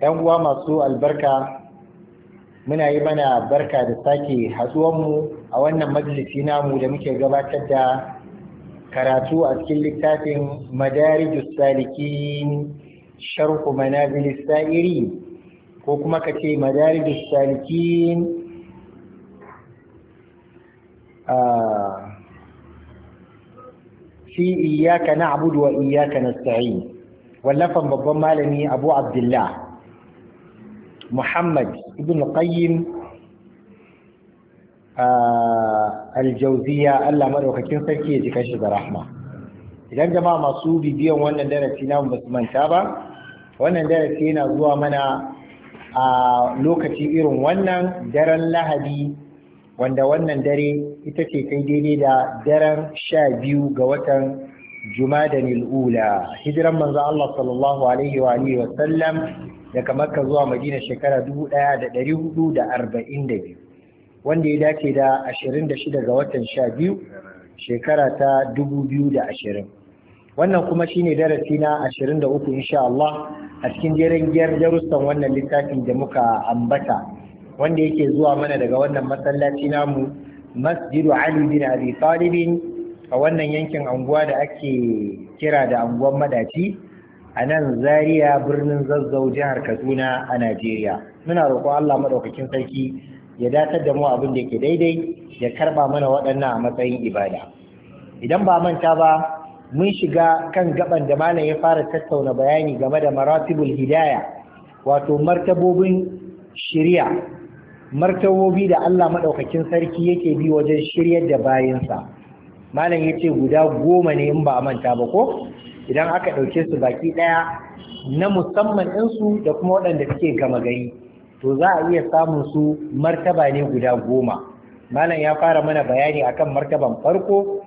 'yan uwa masu albarka muna yi mana barka da sake mu a wannan majalisi namu da muke gabatar da karatu a cikin littafin madarijus salikin sharhu manazilis sa'iri ko kuma ka ce madarijus salikin fi iyaka na abudu wa iyaka na wallafan babban malami abu abdullah Muhammad ibn Qayyim uh, aljauziya Allah maɗaukakin sarki ya ji kashi da rahma idan jama'a masu bibiyan wannan darasi namu ba manta ba wannan darasi yana zuwa mana a lokaci irin wannan daren lahadi wanda wannan dare ita ce kai daidai da daren sha biyu ga watan jumadan al'ula hijiran manzo Allah sallallahu alaihi wa alihi wa sallam daga makka zuwa madina shekara 1442 wanda ya dace da 26 ga watan 12 shekara ta 2020 wannan kuma shine darasi na 23 insha Allah a cikin jerin giyar darussan wannan littafin da muka ambata wanda yake zuwa mana daga wannan masallaci namu masjidu Ali bin Abi Talibin a wannan yankin anguwa da ake kira da anguwan madaci a nan zariya birnin zazzau jihar kaduna a najeriya muna roƙon allah maɗaukakin sarki ya datar da mu abin da ke daidai ya karɓa mana waɗannan a matsayin ibada idan ba manta ba mun shiga kan gaban da malam ya fara tattauna bayani game da maratibul hidaya wato martabobin shirya martabobi da allah maɗaukakin sarki yake bi wajen shiryar da bayansa malam ya ce guda goma ne in ba a manta ba ko idan aka ɗauke su baki ɗaya na musamman ɗinsu da kuma waɗanda suke gama gari to za a iya samun su martaba ne guda goma malam ya fara mana bayani akan martaban farko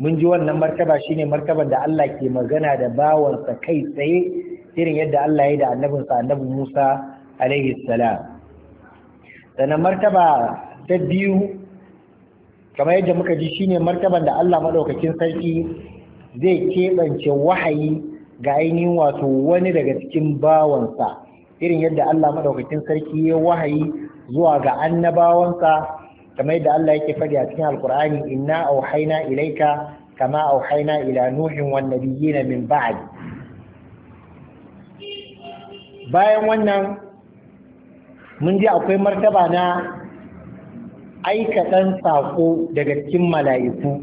mun ji wannan martaba shine martaban da Allah ke magana da bawansa kai tsaye irin yadda Allah ya yi da annabinsa annabin Musa alaihi salam sannan martaba ta biyu kamar yadda muka ji shine martaban da Allah madaukakin sarki zai keɓance wahayi ga ainihin wato wani daga cikin bawansa irin yadda Allah madaukakin sarki ya wahayi zuwa ga annabawansa kamar yadda Allah yake faɗi a cikin alkur'ani inna auhayna ilaika kama auhayna ila nuhin wan nabiyina min ba'd bayan wannan mun ji akwai martaba na aika ɗan saƙo daga cikin mala'iku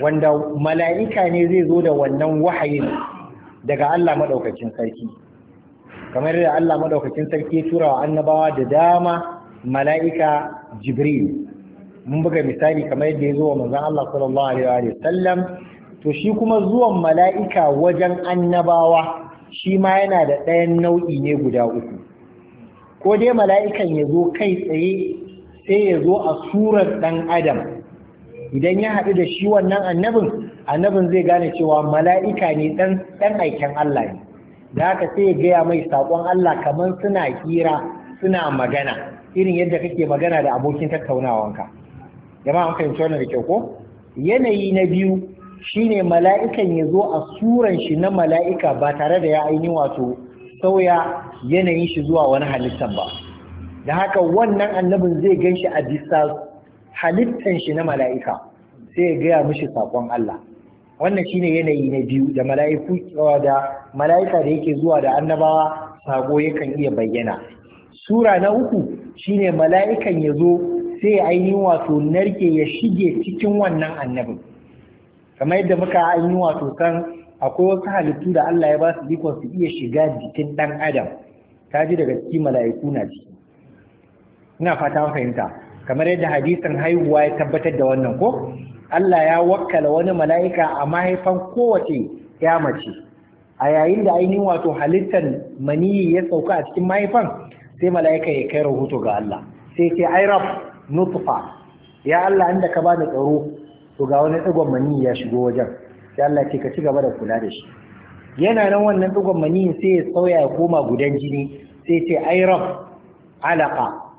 wanda mala'ika ne zai zo da wannan wahayin daga Allah maɗaukacin sarki kamar da Allah maɗaukacin sarki ya tura wa annabawa da dama mala'ika jibril mun buga misali kamar yadda ya zo wa manzon Allah sallallahu alaihi wa sallam to shi kuma zuwan mala'ika wajen annabawa shi ma yana da ɗayan nau'i ne guda uku ko dai mala'ikan ya zo kai tsaye sai ya zo a surar ɗan adam idan ya haɗu da shi wannan annabin annabin zai gane cewa mala'ika ne ɗan aikin Allah ne da haka sai ya gaya mai saƙon Allah kamar suna hira suna magana irin yadda kake magana da abokin tattaunawanka jama'a an fahimci wannan da kyau ko yanayi na biyu shine mala'ikan ya zo a suran shi na mala'ika ba tare da ya ainihin wato sauya yanayin shi zuwa wani halittar ba da haka wannan annabin zai gan shi a bisa halittan shi na mala'ika sai ya gaya mishi saƙon Allah wannan shine yanayi na biyu da mala'iku da mala'ika da yake zuwa da annabawa saƙo yakan iya bayyana sura na uku shine mala'ikan ya zo sai ainihin wato narke ya shige cikin wannan annabin kamar yadda muka ainihin wato kan akwai wasu halittu da Allah ya ba su ikon su iya shiga jikin ɗan adam ta ji daga cikin mala'iku na ciki ina fata fahimta kamar yadda hadisin haihuwa ya tabbatar da wannan ko Allah ya wakkala wani mala'ika a mahaifan kowace ya mace a yayin da ainihin wato halittar maniyi ya sauka a cikin mahaifan sai mala'ika ya kai rahoto ga Allah sai ce ai rab nutfa ya Allah inda ka bani tsaro to ga wani digon maniyi ya shigo wajen sai Allah ce ka ci gaba da kula da shi yana nan wannan digon maniyin sai ya sauya ya koma gudan jini sai ce ai rab alaqa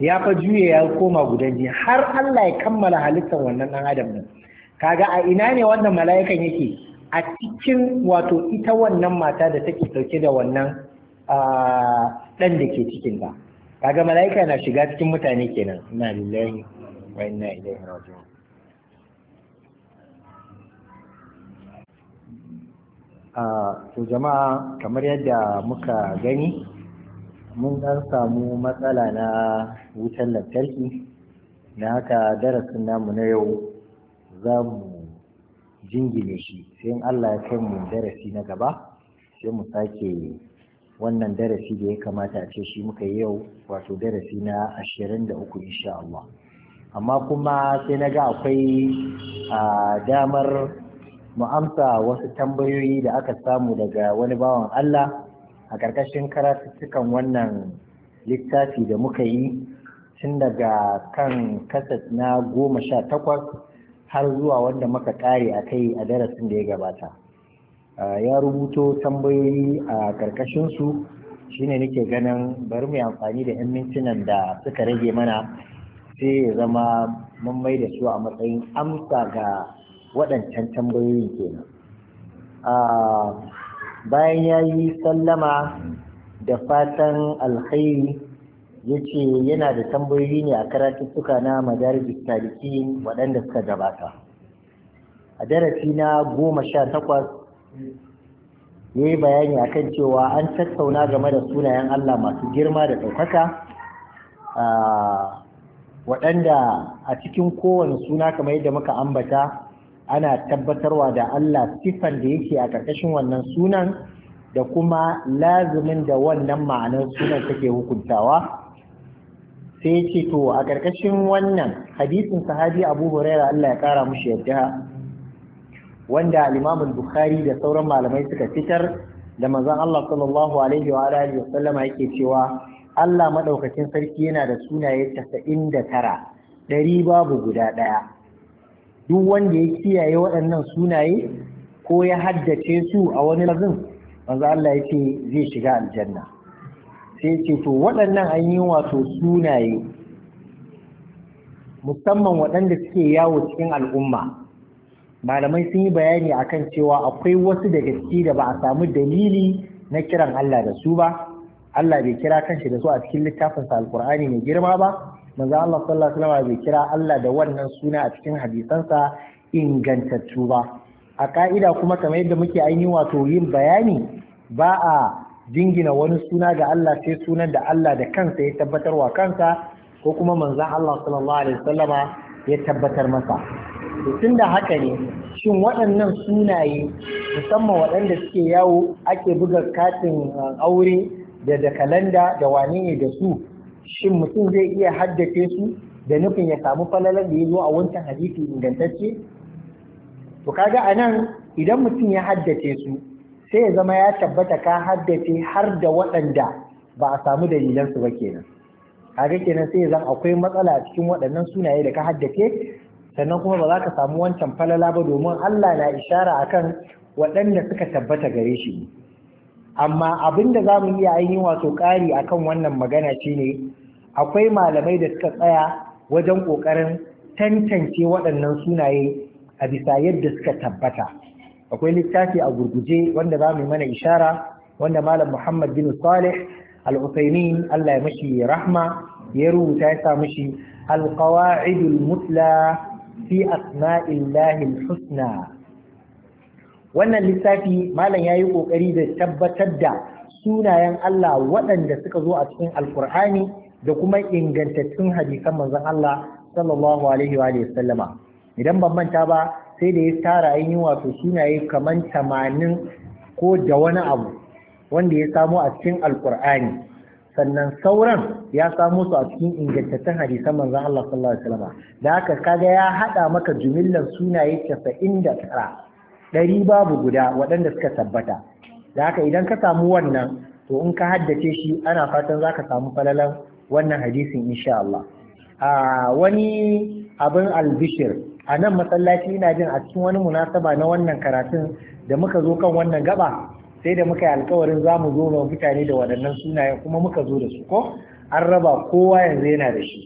ya fa juye ya koma gudan jini har Allah ya kammala halittar wannan ɗan adam ɗin kaga a ina ne wannan mala'ikan yake a cikin wato ita wannan mata da take dauke da wannan ɗan da ke cikin ba? kaga mala'ika na shiga cikin mutane kenan ina lillahi wa inna ilaihi raji'un to jama'a kamar yadda muka gani mun dan samu matsala na wutar lantarki na haka darasin namu na yau za mu jingine shi sai in Allah ya kai mu darasi na gaba sai mu sake wannan darasi da ya kamata a ce shi muka yi yau wato darasi na ashirin da uku insha Allah amma kuma sai na ga akwai damar mu amsa wasu tambayoyi da aka samu daga wani bawan Allah a ƙarƙashin karatuttukan wannan littafi da muka yi tun daga kan kasas na goma sha takwas har zuwa wanda muka ƙare a kai a darasin da ya gabata ya rubuto tambayoyi a ƙarƙashinsu shine nake ganin bari mu amfani da 'yan mintunan da suka rage mana sai ya zama mun mai da su a matsayin amsa ga waɗancan tambayoyin kenan bayan ya yi sallama da fatan alkhairi ya ce yana da tambayoyi ne a karatuttuka na madarij tarihi waɗanda suka gabata a darasi na goma sha takwas ya yi bayani akan cewa an tattauna game da sunayen Allah masu girma da ɗaukaka waɗanda a cikin kowane suna kamar yadda muka ambata ana tabbatarwa da Allah sifan da yake a ƙarƙashin wannan sunan da kuma lazumin da wannan ma'anar sunan take hukuntawa sai ya ce to a ƙarƙashin wannan hadisin sahabi abu huraira Allah ya ƙara mushi yadda wanda al bukhari da sauran malamai suka fitar da manzon Allah sallallahu alaihi wa alihi wa sallama yake cewa Allah madaukakin sarki yana da sunaye 99 ɗari babu guda ɗaya duk wanda ya kiyaye waɗannan sunaye ko ya haddace su a wani lazin manzo Allah ya ce zai shiga aljanna sai ce to waɗannan an yi wato sunaye musamman waɗanda suke yawo cikin al'umma malamai sun yi bayani akan cewa akwai wasu daga ciki da ba a samu dalili na kiran Allah da su ba Allah bai kira kanshi da su a cikin littafinsa alkur'ani mai girma ba manzo Allah sallallahu alaihi wasallam bai kira Allah da wannan suna a cikin hadisansa ingantattu ba a ka'ida kuma kamar yadda muke ainihin wato yin bayani ba a jingina wani suna ga Allah sai sunan da Allah da kansa ya tabbatar wa kansa ko kuma manzo Allah sallallahu alaihi wasallama ya tabbatar masa tun da haka ne shin waɗannan sunaye musamman waɗanda suke yawo ake buga katin uh, aure da da kalanda da wane ne da su shin mutum zai iya haddace su da nufin ya samu falalar da ya zo a wancan hadisi ingantacce to kaga a nan idan mutum ya haddace su sai ya zama ya tabbata ka haddace har da waɗanda ba a samu dalilansu ba kenan kaga kenan sai ya akwai matsala a cikin waɗannan sunaye da ka haddace sannan kuma ba za ka samu wancan falala ba domin Allah na ishara akan waɗanda suka tabbata gare shi amma abin da za mu iya ainihin wato ƙari akan wannan magana shine akwai malamai da suka tsaya wajen ƙoƙarin tantance waɗannan sunaye a bisa yadda suka tabbata akwai littafi a gurguje wanda za mu mana ishara wanda malam muhammad bin salih al-usaimin allah ya mashi rahma ya rubuta ya sa mashi القواعد المتلى في أسماء الله wannan lissafi malam ya yi ƙoƙari da tabbatar da sunayen Allah waɗanda suka zo a cikin alkur'ani da kuma ingantattun hadisan manzon Allah sallallahu alaihi wa sallama idan ban manta ba sai da ya tara ainihin wato sunaye kaman 80 ko da wani abu wanda ya samu a cikin alkur'ani sannan sauran ya samu su a cikin ingantattun hadisan manzon Allah sallallahu alaihi da haka kaga ya hada maka jumillar sunaye 99 ɗari babu guda waɗanda suka tabbata da haka idan ka samu wannan to in ka haddace shi ana fatan zaka samu falalan wannan hadisin insha Allah a wani abin albishir a nan masallaci ina jin a cikin wani munasaba na wannan karatun da muka zo kan wannan gaba sai da muka yi alkawarin za mu zo ma mutane da waɗannan sunaye kuma muka zo da su ko an raba kowa yanzu yana da shi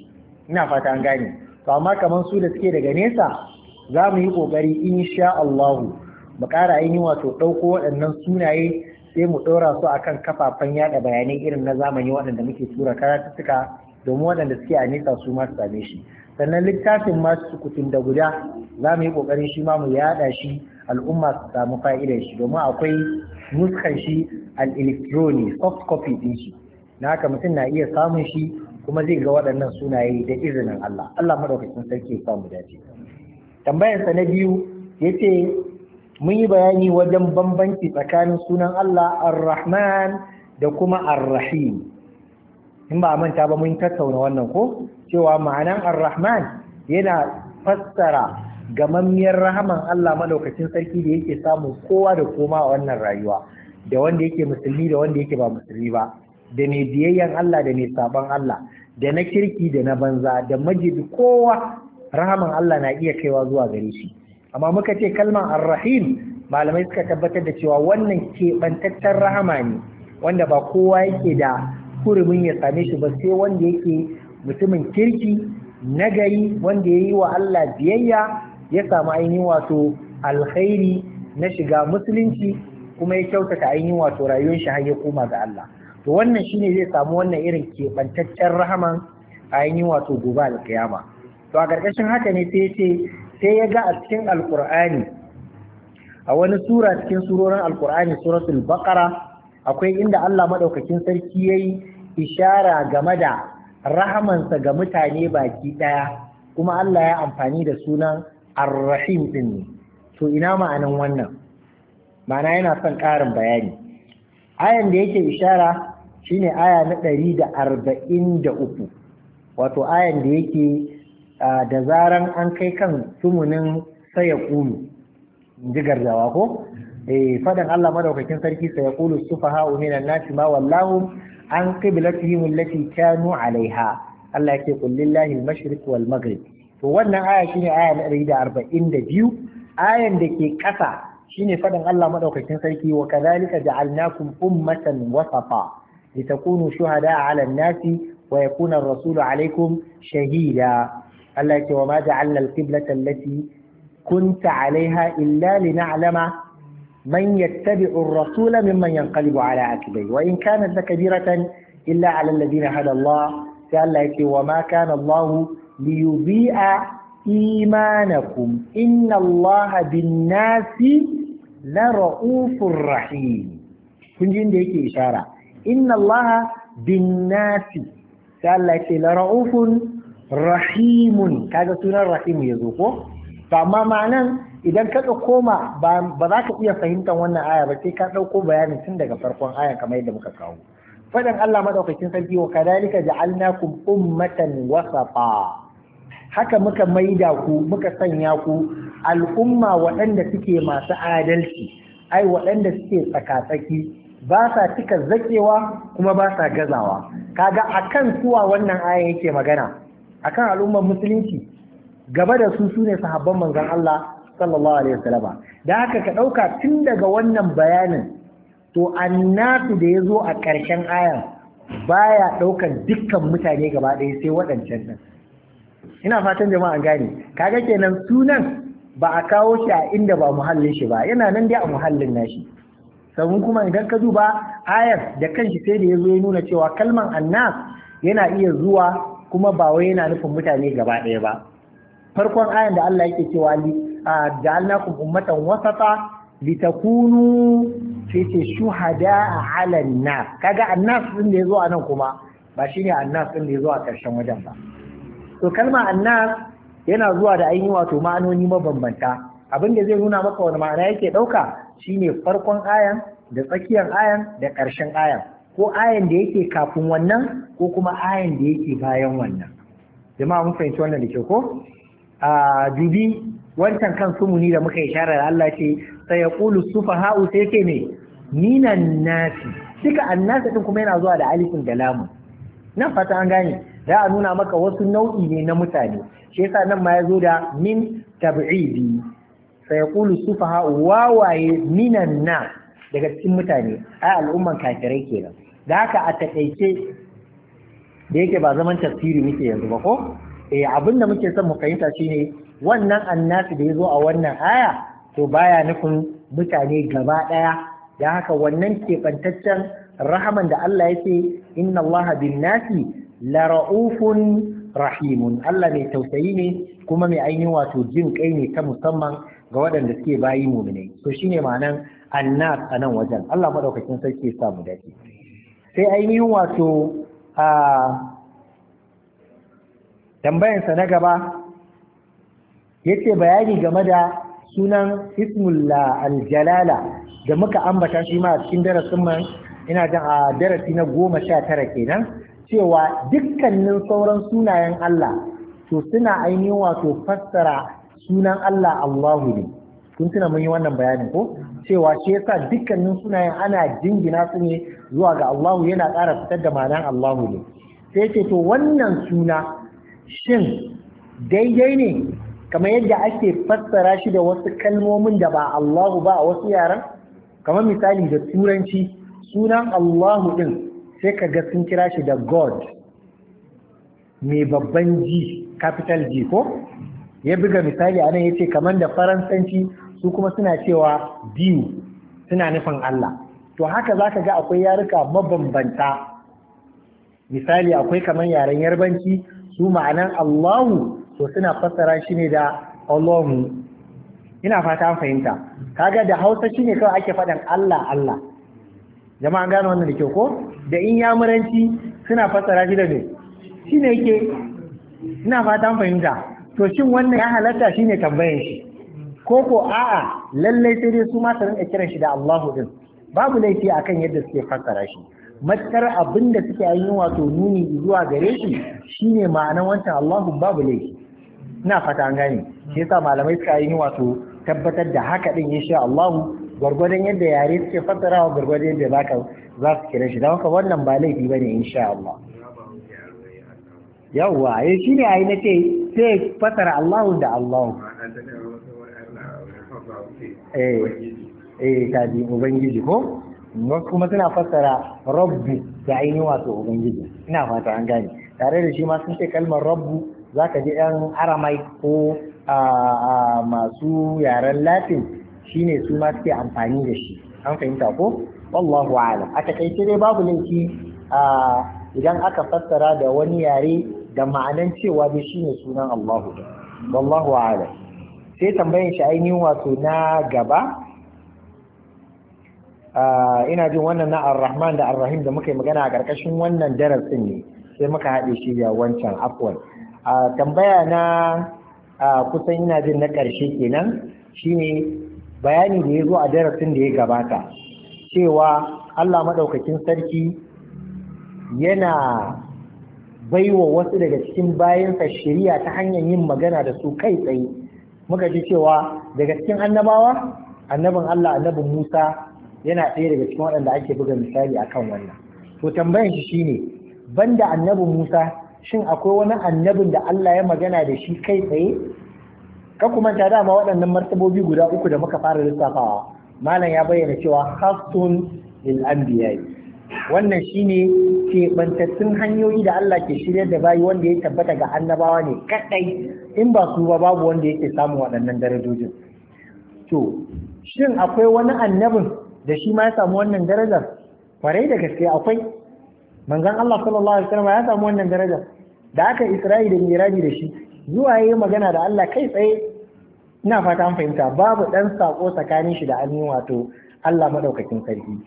ina fata an gane to amma kamar su da suke daga nesa za mu yi ƙoƙari insha Allahu mu ƙara ainihin wato ɗauko waɗannan sunaye sai mu ɗora su a kan kafafen yaɗa bayanai irin na zamani waɗanda muke tura karatuttuka domin waɗanda suke a nesa su ma su same shi sannan littafin ma sukutun da guda za mu yi ƙoƙarin shi ma mu yaɗa shi al'umma su samu fa'idar shi domin akwai nuskan shi al-electronic soft copy din shi na haka mutum na iya samun shi kuma zai ga waɗannan sunaye da izinin Allah Allah madaukakin sarki ya samu dace tambayar sa na biyu yace mun yi bayani wajen bambanci tsakanin sunan Allah ar-Rahman da kuma ar-Rahim in ba manta ba mun tattauna wannan ko cewa ma'anan ar-Rahman yana fassara gamammiyar rahaman Allah madaukakin sarki da yake samu kowa da koma a wannan rayuwa da wanda yake musulmi da wanda yake ba musulmi ba da mai biyayyan Allah da mai saban Allah da na kirki da na banza da majid kowa rahaman Allah na iya kaiwa zuwa gare shi amma muka ce kalmar arrahim malamai suka tabbatar da cewa wannan keɓantaccen rahama ne wanda ba kowa yake da kurumin ya same shi ba sai wanda yake mutumin kirki nagari wanda ya yi wa Allah biyayya ya samu ainihin wato alkhairi na shiga musulunci kuma ya kyautata ainihin wato rayuwar shi har ya koma ga Allah to wannan shine zai samu wannan irin keɓantaccen rahaman ainihin wato gobe alkiyama to a ƙarƙashin haka ne sai ya ce sai ya ga a cikin alkur'ani a wani sura cikin surorin alkur'ani suratul baqara akwai inda Allah madaukakin sarki yayi ishara game da rahamansa ga mutane baki daya kuma Allah ya amfani da sunan ar-rahim din ne to ina ma'anan wannan ma'ana yana son ƙarin bayani ayan da yake ishara shine aya na ɗari da arba'in da uku wato ayan da yake da zaran an kai kan sumunin saya kulu ji garzawa ko eh fadan Allah madaukakin sarki saya kulu sufaha'u minan nasi ma wallahu an qiblatihim allati kanu alaiha Allah yake kul lillahi al wal maghrib to wannan aya shine aya na 142 ayan da ke kasa shine fadan Allah madaukakin sarki wa kadhalika ja'alnakum ummatan wasafa litakunu shuhada'a 'ala an-nasi wa yakuna ar-rasulu 'alaykum shahida الله يقول وما جعلنا القبلة التي كنت عليها إلا لنعلم من يتبع الرسول ممن ينقلب على عقبيه وإن كانت لكبيرة إلا على الذين هدى الله قال وما كان الله ليضيء إيمانكم إن الله بالناس لرؤوف رحيم كنجين ديكي إشارة إن الله بالناس قال لك لرؤوف rahimun kaga sunan rahim ya zo ko to amma ma'anan idan ka koma ba za ka iya fahimtar wannan aya ba sai ka ɗauko bayanin tun daga farkon aya kamar yadda muka kawo faɗin Allah madaukakin sarki wa kadalika ja'alnakum ummatan wasata haka muka maida ku muka sanya ku al'umma waɗanda suke masu adalci ai waɗanda suke tsakatsaki ba sa cika zakewa kuma ba sa gazawa kaga akan suwa wannan aya yake magana akan al'ummar musulunci gaba da su sune sahabban manzan Allah sallallahu alaihi wasallama da haka ka ɗauka tun daga wannan bayanin to annasu da ya zo a ƙarshen ayan baya ɗaukar dukkan mutane gaba ɗaya sai waɗancan nan ina fatan jama'a gane kaga kenan sunan ba a kawo shi a inda ba muhallin shi ba yana nan dai a muhallin nashi sannan kuma idan ka duba ayar da kanshi sai da ya zo ya nuna cewa kalman annas yana iya zuwa kuma ba wai yana nufin mutane gaba ɗaya ba farkon ayan da Allah yake cewa li ja'alnakum ummatan wasata litakunu sai ce shuhada ala nas kaga annas din da yazo anan kuma ba shine annas din da yazo a karshen wajen ba to kalma annas yana zuwa da ainihi wato ma'anoni mabambanta abin da zai nuna maka wani ma'ana yake ɗauka shine farkon ayan da tsakiyar ayan da karshen ayan ko ayan da yake kafin wannan ko kuma ayan da yake bayan wannan jama'a mun fahimci wannan da ke ko a dubi wancan kan sumuni da muka da Allah ce sai ya qulu sufaha'u sai ke ne minan nasi duka annasa din kuma yana zuwa da alifin da lamu nan fata an gane za a nuna maka wasu nau'i ne na mutane shi yasa nan ma ya zo da min tab'idi sai ya qulu Ha'u, wawaye minan na daga cikin mutane ai al'umman kafirai kenan da haka a taƙaice da yake ba zaman tafsiri muke yanzu ba ko eh abin da muke son mu fahimta shine wannan annasi da ya zo a wannan aya to baya nufin mutane gaba ɗaya da haka wannan keɓantaccen rahaman da Allah ya ce inna Allah bin nasi la ra'ufun rahimun Allah mai tausayi ne kuma mai ainihin wato jin kai ne ta musamman ga waɗanda suke bayi muminai to shine ma'anan annas a nan wajen Allah madaukakin sarki ya samu dace sai ainihin wato a tambayansa na gaba yace bayani game da sunan ismullah aljalala da muka ambata shi ma a cikin darasin man ina jin a darasi na goma sha tara kenan cewa dukkanin sauran sunayen Allah to suna ainihin wato fassara sunan Allah Allahu ne kun tuna mun yi wannan bayanin ko cewa shi yasa dukkanin sunayen ana jingina su ne zuwa ga Allahu yana ƙara fitar da ma'anar Allahu ne sai ce to wannan suna shin daidai ne kamar yadda ake fassara shi da wasu kalmomin da ba Allahu ba a wasu yaran kamar misali da turanci sunan Allahu din sai ka ga sun kira shi da God mai babban G capital G ko ya buga misali anan nan ya ce kamar da faransanci su kuma suna cewa biyu suna nufin Allah to haka zaka ga akwai yaruka mabambanta misali akwai kamar yaren yarbanci su ma'anan Allahu to suna fassara shi ne da Allahu ina fata an fahimta kaga da Hausa shine kawai ake faɗan Allah Allah jama'a gano wannan da kyau ko da in yamuranci suna fassara shi da me shine yake ina fata an fahimta to shin wannan ya halatta shine tambayan shi ko ko a'a lallai sai dai su ma su rinka kiran shi da Allahu din babu laifi akan yadda suke fassara shi matkar abin da suke yi wato nuni zuwa gare shi shine ma'anan wancan Allahu babu laifi ina fata an gane shi yasa malamai suka yi wato tabbatar da haka din insha Allahu gwargwadon yadda yare suke wa gwargwadon yadda zaka za su kira shi don haka wannan ba laifi bane insha Allah yawwa eh shine ai nace sai fassara Allahu da Allahu eh kaji eh, ubangiji ko kuma suna fassara rabbu da ainihin wato ubangiji ina fata an gane tare da shi ma sun ce kalmar rabbu za ka ji ɗan aramai ko masu yaren latin shine su ma suke amfani da shi an fahimta ko wallahu alam a takaice dai babu laifi idan aka fassara da wani yare da ma'anan cewa dai shine sunan Allahu wallahu alam sai tambayan shi ainihin wato na gaba ina jin wannan na ar-rahman da ar-rahim da muka yi magana a ƙarƙashin wannan darasin ne sai muka haɗe shi da wancan afwal tambaya na kusan ina jin na ƙarshe kenan shine bayani da ya zo a darasin da ya gabata cewa Allah maɗaukakin sarki yana baiwa wasu daga cikin bayansa shiriya ta hanyar yin magana da su kai tsaye muka ji cewa daga cikin annabawa annabin Allah annabin Musa yana ɗaya daga cikin waɗanda ake buga misali a kan wannan to tambayan shi shine banda annabin Musa shin akwai wani annabin da Allah ya magana da shi kai tsaye ka kuma ta dama waɗannan martabobi guda uku da muka fara lissafawa malam ya bayyana cewa khassun lil anbiya'i wannan shi ne keɓantattun hanyoyi da Allah ke shirya da bayi wanda ya tabbata ga annabawa ne kaɗai in ba su ba babu wanda yake samun waɗannan darajojin to shin akwai wani annabin da shi ma ya samu wannan darajar kwarai da gaske akwai Manzan Allah sallallahu alaihi wasallam ya samu wannan darajar da aka Isra'i da Miraji da shi zuwa yi magana da Allah kai tsaye ina fata an fahimta babu ɗan sako tsakanin shi da ainihin wato Allah maɗaukakin sarki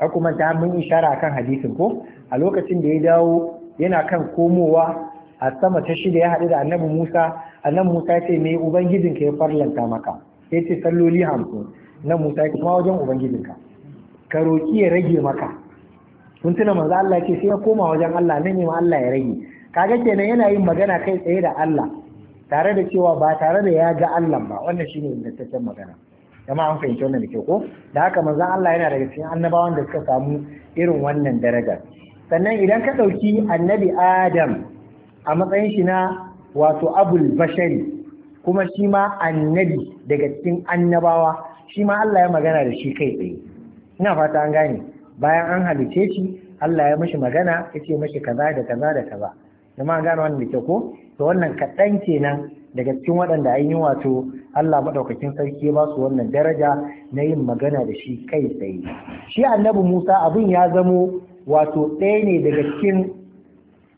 aku manta mun ishara kan hadisin ko a lokacin da ya dawo yana kan komowa a sama ta shida ya haɗu da annabi Musa annabi Musa ya ce me ubangijinka ya farlanta maka ya ce salloli hamsin na Musa ya kuma wajen ubangijinka ka roki ya rage maka kun tuna manzo Allah ce sai ya koma wajen Allah nan ne ma Allah ya rage kaga kenan yana yin magana kai tsaye da Allah tare da cewa ba tare da ya ga Allah ba wannan shine ingantaccen magana jama'a an fahimci wannan da ke ko da haka manzon Allah yana daga cikin annabawan da suka samu irin wannan daraja sannan idan ka ɗauki annabi Adam a matsayin shi na wato abul bashari kuma shi ma annabi daga cikin annabawa shi ma Allah ya magana da shi kai tsaye ina fata an gane bayan an halice shi Allah ya mishi magana ya ce mishi kaza da kaza da kaza jama'a gane wannan da ke ko to wannan kaɗan kenan daga cikin waɗanda ainihin wato Allah maɗaukakin sarki ya ba su wannan daraja na yin magana da shi kai tsaye shi annabi Musa abin ya zamo wato ɗaya ne daga cikin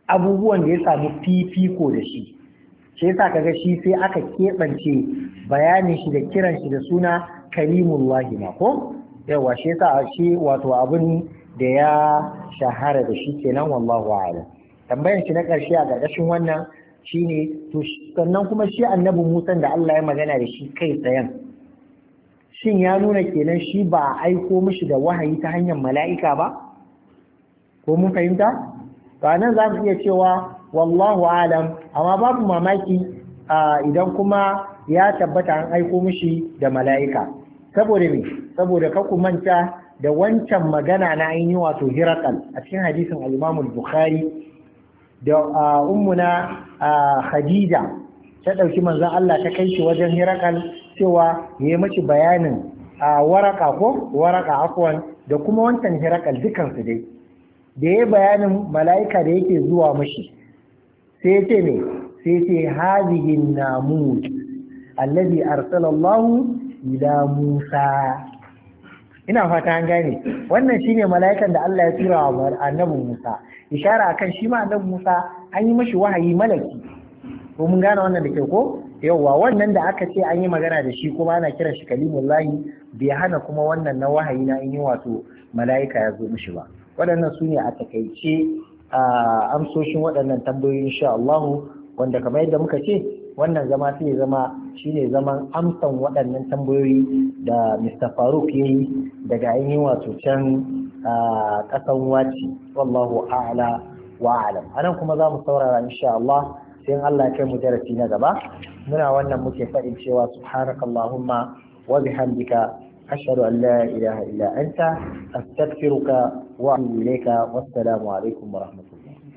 abubuwan da ya samu fifiko da shi shi yasa kaga shi sai aka keɓance bayanin shi da kiran shi da suna kalimullahi ma ko yawa shi yasa shi wato abin da ya shahara da shi kenan wallahu a'lam tambayar shi na ƙarshe a ƙarƙashin wannan shine to sannan kuma shi annabi Musa da Allah ya magana da shi kai tsayen shin ya nuna kenan shi ba aiko mishi da wahayi ta hanyar mala'ika ba ko mun fahimta to anan za mu iya cewa wallahu alam amma babu mamaki idan kuma ya tabbata an aiko mishi da mala'ika saboda me saboda ka ku manta da wancan magana na ainihin wato hirakal a cikin hadisin al-Imam bukhari da ummuna Khadija ta ɗauki manzon Allah ta kai shi wajen Hirakal cewa ya mace bayanin waraka ko waraka afwan da kuma wancan Hirakal dukansu dai da ya bayanin mala'ika da yake zuwa mashi sai ce ne sai ce hadihin Namu, allazi arsalallahu ila Musa ina fata an gane wannan shine mala'ikan da Allah ya tura wa annabi Musa ishara akan shi ma annabi Musa an yi mashi wahayi malaki ko mun gane wannan da ke ko Yauwa, wannan da aka ce an yi magana da shi kuma ana kiran shi kalimullahi bai hana kuma wannan na wahayi na in yi wato mala'ika ya zo mishi ba waɗannan su ne a takaice amsoshin waɗannan tambayoyi insha Allah wanda kamar yadda muka ce wannan zama sai zama shine zaman amsan waɗannan tambayoyi da Mr. Faruk ya yi daga ainihin wato can ƙasan waci wallahu a'la wa alam anan kuma za mu saurara insha Allah sai Allah ya kai mu darasi na gaba muna wannan muke faɗin cewa subhanakallahumma wa bihamdika ashhadu an la ilaha illa anta astaghfiruka wa atubu ilayka wassalamu alaikum wa